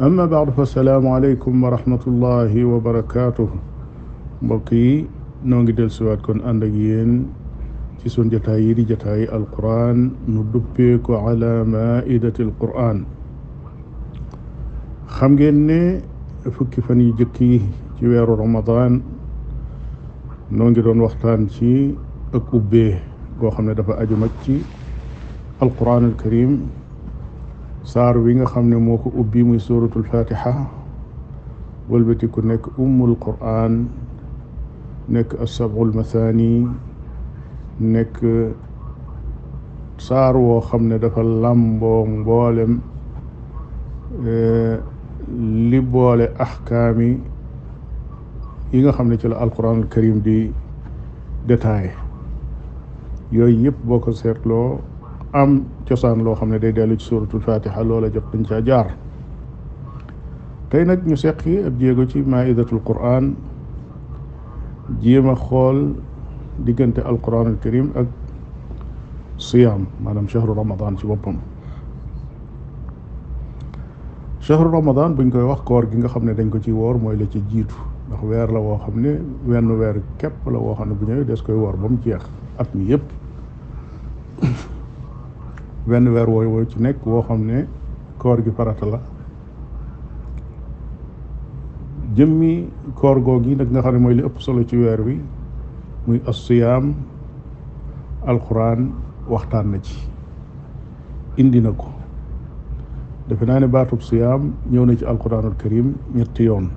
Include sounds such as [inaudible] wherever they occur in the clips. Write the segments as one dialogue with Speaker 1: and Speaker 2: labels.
Speaker 1: amma baadu fa salaamu aleykum wa rahmatullahi wa barakaatu mbokk yi noo ngi dellusiwaat kon ànd ak yéen ci sun jataay yi di jataay alquran nu duppee ko ala maidati alquran xam ngeen ne fukki fan yi jëkk ci weeru ramadan noo ngi doon waxtaan ci ak ubbee goo xam ne dafa aju mag ci alquran alkarim saar wi nga xam ne moo ko ubbi muy suratul fatiha wëlbatiku nekk ummul quran nekk a asabul mathani nekk saar woo xam ne dafa làmboo mboolem eh, li boole axkaami yi nga xam ne ci la alquranul karim di détaillé yooyu yëpp boo ko seetloo am cosaan loo xam ne day dellu ci suratul fatiha loola jot dañ caa jaar tey nag ñu seqi ab jéego ci maidatul quran jéem a xool diggante alquran al karim ak siyaam maanaam chahru ramadan ci boppam chahru ramadan buñ koy wax koor gi nga xam ne dañ ko ci woor mooy la ci jiitu ndax weer la woo xam ne wenn weer képp la woo xam ne bu ñëwee des koy woor ba mu jeex at mi yépp wenn weer wooy wooy ci nekk woo xam ne koor gi farata la jëmmi koor googu yi nag nga xam ne mooy li ëpp solo ci weer wi muy asiyaam alxuraan waxtaan na ci indi na ko defe naa ne baatub siyaam ñëw na ci alxuraanul karim ñetti yoon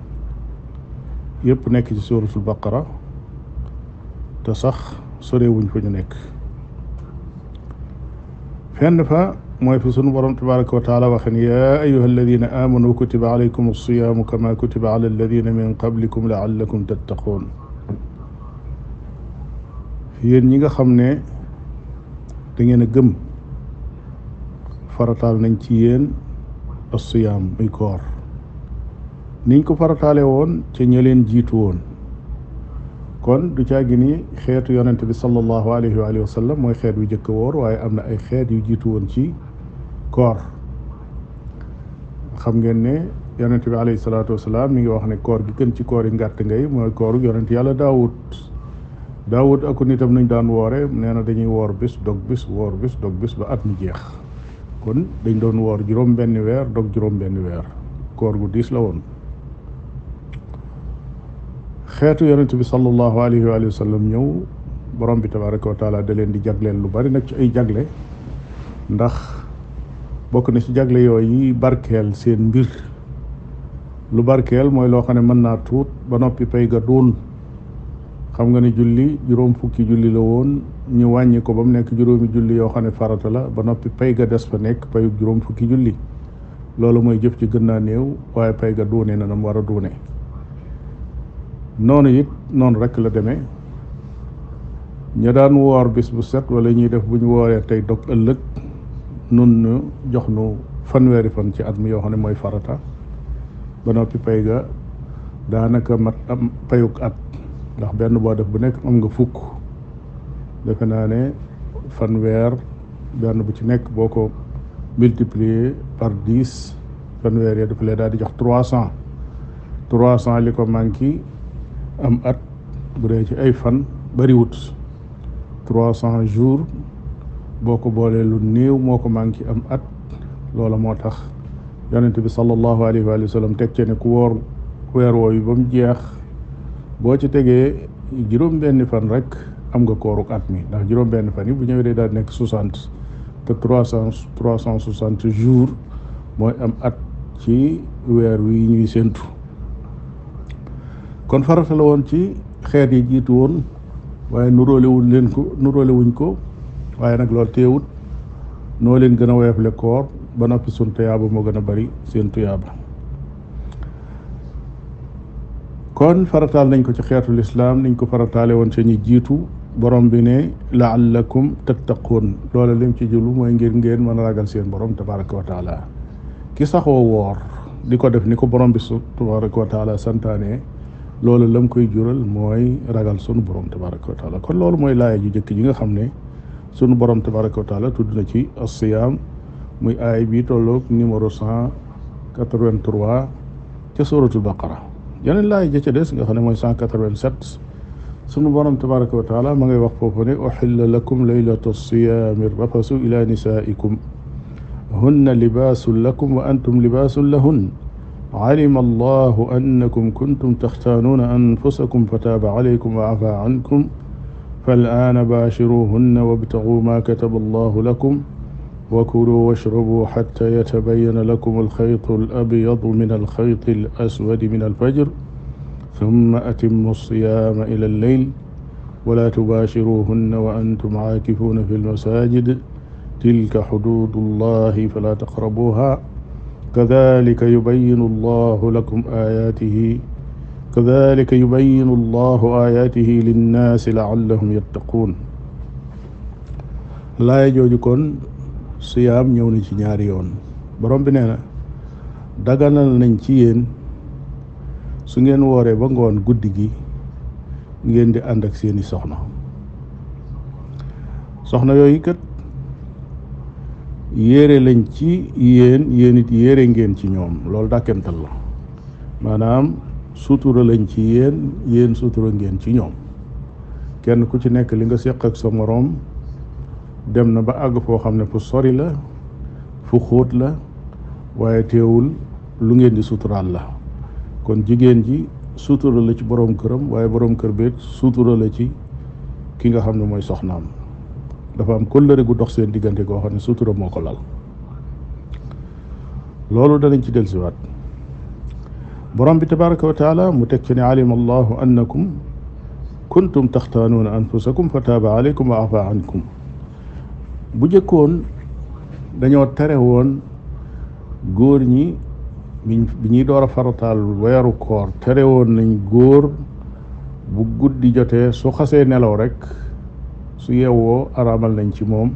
Speaker 1: yëpp nekk ci suuratul baqara te sax sorewuñ fa ñu nekk fenn fa mooy fi sunu borom tabaraka wa taala waxe ne yaa ayuha alladina amanu kutiba alaykum alsiyaamu kama kutiba ala alladina min qablikum laallakum tattaqoon yéen ñi nga xam ne da ngeen a gëm farataal nañ ci yéen alsiyaam muy koor niñ ko farataale woon ca ña leen jiitu woon kon du caagi ni xeetu yonent bi sallallahu alayhi wa alihi wa mooy xeet yu jëkk woor waaye am na ay xeet yu jiitu woon ci koor xam ngeen ne yonent bi alayhi salaatu wasalaam mi ngi wax ne koor gi gën ci koor yi ngàtt ngay mooy kooru yonent yàlla daawut daawut aku nitam nañ daan woore nee na dañuy woor bis dog bis woor bis dog bis ba at mi jeex kon dañ doon woor juróom benn weer dog juróom benn weer koor gu diis la woon xeetu yonent bi sallallahu alayhi wa sallam ñëw borom bi tabaraka wa taala da leen di jagleel lu bari nag ci ay jagle ndax bokk na ci jagle yooyu barkeel seen mbir lu barkeel mooy loo xam ne mën naa tuut ba noppi pay ga duun xam nga ne julli juróom fukki julli la woon ñu wàññi ko ba mu nekk juróomi julli yoo xam ne farata la ba noppi pay ga des fa nekk payu juróom fukki julli loolu mooy jëf ci gën naa néew waaye pay ga duune na nam war a duune noonu it noonu rek la deme ña daan woor bis bu set wala ñuy def bu ñu wooree tey dog ëllëg nun ñu jox nu fanweeri fan ci at mi yoo xam ne mooy farata ba noppi pay ga daanaka mat am payuk at ndax benn boo def bu nekk am nga fukk defe naa ne fanweer benn bu ci nekk boo ko multiplier par dix fanweer ya dafa lay daal di jox trois cent trois cent li ko manqué am at bu dee ci ay fan bariwut trois cent jours boo ko boolee lu néew moo ko manqué am at loola moo tax yonent bi sallallahu alayhi wa sallam teg ci ne ku woor weer yi ba mu jeex boo ci tegee juróom benni fan rek am nga kooruk at mi ndax juróom benni fan yi bu ñëwee day daal nekk soixante te trois cent trois cent soixante jours mooy am at ci weer wi ñuy séntu kon farata woon ci xeet yi jiitu woon waaye nuróole leen ko nuróole ko waaye nag loolu teewut noo leen gën a woyofle koor ba noppi sun tuyaaba moo gën a bari seen tuyaaba kon farataal nañ ko ci xeetu lislaam niñ ko farataale woon ci ñi jiitu borom bi ne la laallakum tattaqun loola lim ci jublu mooy ngir ngeen mën a ragal seen borom tabaraka wa taala ki saxoo woor di ko def ni ko borom bi tabaraka wa taala santaane loolu lam koy jural mooy ragal sunu borom tabaraka wa taala kon loolu mooy laaya ju jëkk ji nga xam ne sunu borom tabaraka wa taala tudd na ci asiyaam muy aay bi tolloog numéro cent quatre-vingt-trois ca suratul baqara yeneen ja ca des nga xam ne mooy cent quatre-vingt-sept sunu borom tabaraka wa taala ma ngay wax foofu ne uxilla lakum laylatu siyaami rafasu ila nisaikum hunna libaasun lakum wa antum libaasun lahunna alima allahu annakum kuntum taxtaanuuna anfusakum fataaba alaykum wa afa ankum falaana baashiruhunna wabtaguu maa kataba allahu lakum wa kuluu washrabuu xatta yatabayana lakum alxaytu alabyadu min alxayti alaswadi min alfajr summa atimmu alsiyaama ila alleyl wala tubaashiruhunna wa antum caakifuuna fi almasaajid tilka xuduudu allahi falaa taqrabuuha kadalika yubayinu allahu lakum ayaatihi kadalika yubayinu allahu ayaatihi linnaasi laallahum yattaquun laaya jooju kon siyaam ñëw na ci ñaari yoon borom bi nee na daganal nañ ci yéen su ngeen wooree ba ngoon guddi gi ngeen di ànd ak seeni soxna soxna yooyu kat yéere lañ ci yéen yéenit it yéere ngeen ci ñoom loolu dàkkental la maanaam sutura lañ ci yéen yéen sutura ngeen ci ñoom kenn ku ci nekk li nga séq ak sa moroom dem na ba àgg foo xam ne fu sori la fu xóot la waaye teewul lu ngeen di suturaal la kon jigéen ji sutura la ci boroom këram waaye boroom kër beet sutura la ci ki nga xam ne mooy soxnaam dafa am kóllëre gu dox seen diggante goo xam ne sutura moo ko lal loolu danañ ci dellusiwaat borom bi tabaraka wa taala mu teg ci ne alima allahu annakum kuntum taxtaanuuna anfusakum fa taaba aleykum wa afa ankum bu jëkkoon dañoo tere woon góor ñi bi ñuy door a farataal weeru koor tere woon nañ góor bu guddi jotee su xasee nelaw rek su yeewoo araamal nañ ci moom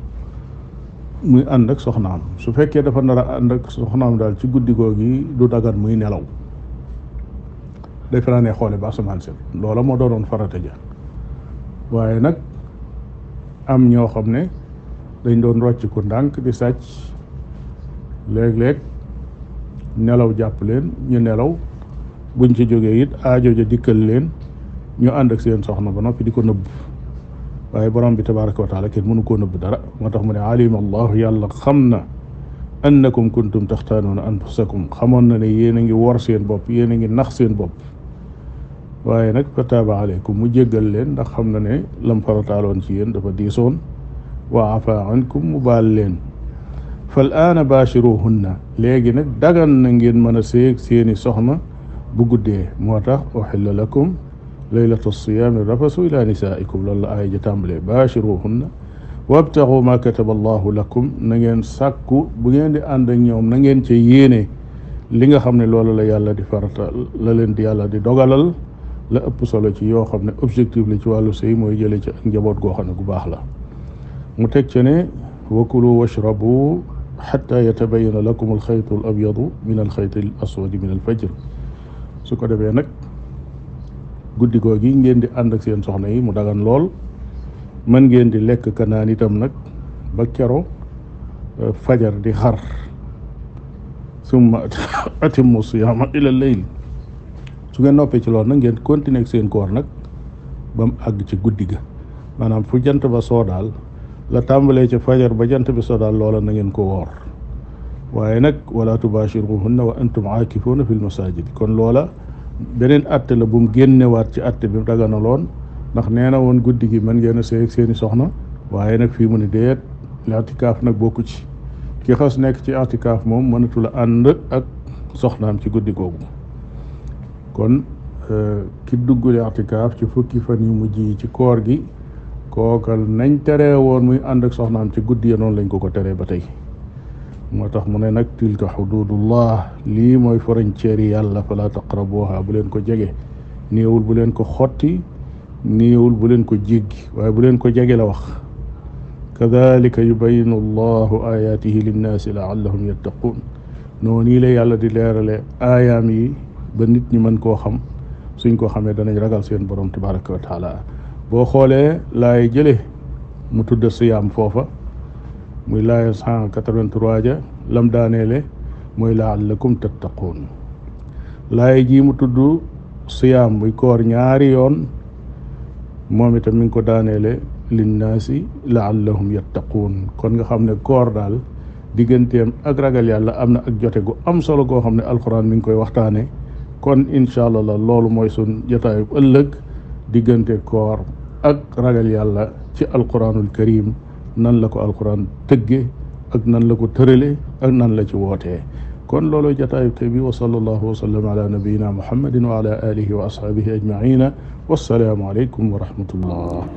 Speaker 1: muy ànd ak soxnaam su fekkee dafa nar a ànd ak soxnaam daal ci guddi googi du dagan muy nelaw day fanaanee xoole ba asamaan si loola moo doonoon farata ja waaye nag am ñoo xam ne dañ doon rocc ku ndànk di sàcc léeg-léeg nelaw jàpp leen ñu nelaw buñ ci jógee it aajooja ja dikkal leen ñu ànd ak seen soxna ba noppi di ko nëbb waaye borom bi tabaraka wa taala kenn mënu koo nëbb dara moo tax mu ne alima allahu yàlla xam na annakum kuntum taxtaanoona anfusakum xamoon na ne yéen a ngi wor seen bopp yéen a ngi nax seen bopp waaye nag fa taaba aleykum mu jéggal leen ndax xam na ne lam farataaloon ci yéen dafa diisoon wa afa ankum mu baal leen fal aana baachiruhunna léegi nag dagan na ngeen mën a séeg seeni soxna bu guddee moo tax uxilla lakum laylata siyaami rafasu ila nisaikum loolu la aaya ja tàmbalee baachiruhunna wabtaxu ma kataba allahu lakum na ngeen sàkku bu ngeen di ànd ak ñoom na ngeen ca yéene li nga xam ne loolu la yàlla di farata la leen di yàlla di dogalal la ëpp solo ci yoo xam ne objectif li ci wàllu sëy mooy jële ci ak njaboot goo xam ne gu baax la mu teg ca ne wakulu washrabu xata yatabayana lakum alxaytu al abyadu min alxayti al aswadi min alfajr ko defee nag guddi googu gi ngeen di ànd ak seen soxna yi mu dagan lool man ngeen di lekk ka itam nag ba kero euh, fajar di xar summa [laughs] atimmu siyaama ila leyl su ngeen noppee ci loolu nag ngeen continuer ak seen koor nag ba mu àgg ci guddi ga maanaam fu jant ba soo daal la tàmbalee ca fajar ba jant bi soo daal loola na ngeen ko woor waaye nag wala na wa antum aakifuuna fil masaajid kon loola beneen atte la bu mu génnewaat ci atte bi daganaloon ndax nee na woon guddi gi mën ngeen a seeni soxna waaye nag fii mu ne déet itikaaf nag bokk ci ki xas nekk ci itikaaf moom mënatul a ànd ak soxnaam ci guddi googu kon euh, ki duggule itikaaf ci fukki fan yu mujj yi ci koor gi kookal nañ tere woon muy ànd ak soxnaam ci guddi ya noonu lañ ko ko teree ba tey moo tax mu ne nag tilka xududullah lii mooy frontière yi yàlla fala taqrabuha bu leen ko jege néewul bu leen ko xotti néewul bu leen ko jéggi waaye bu leen ko jege la wax kadalika yubayinu allahu ayatihi linnaasi laallahum yattaquun noo nii la yàlla di leerale aayaam yi ba nit ñi mën koo xam suñ ko xamee danañ ragal seen borom tabaraka wa taala boo xoolee laay jële mu tudda siyaam foofa muy laaya cent quatre vingt ja lam daaneele mooy laallakum tattaquun laaya jii mu tudd siyaam muy koor ñaari yoon moom itam mi ngi ko daaneele linnaasi laallahum yattaquun kon nga xam ne koor daal digganteem ak ragal yàlla am na ak jote gu am solo goo xam ne alxuraan mi ngi koy waxtaane kon incha allah loolu mooy sun jotaayu ëllëg diggante koor ak ragal yàlla ci alquranul karim nan la ko alxuraan tëgge ak nan la ko tërale ak nan la ci wootee kon loolu jataayu tey bi wa sallallahu wa sallam ala nabiyina muhammadin wa ala alihi wa ashaabihi ajmaina wassalaamu aleykum wa rahmatullah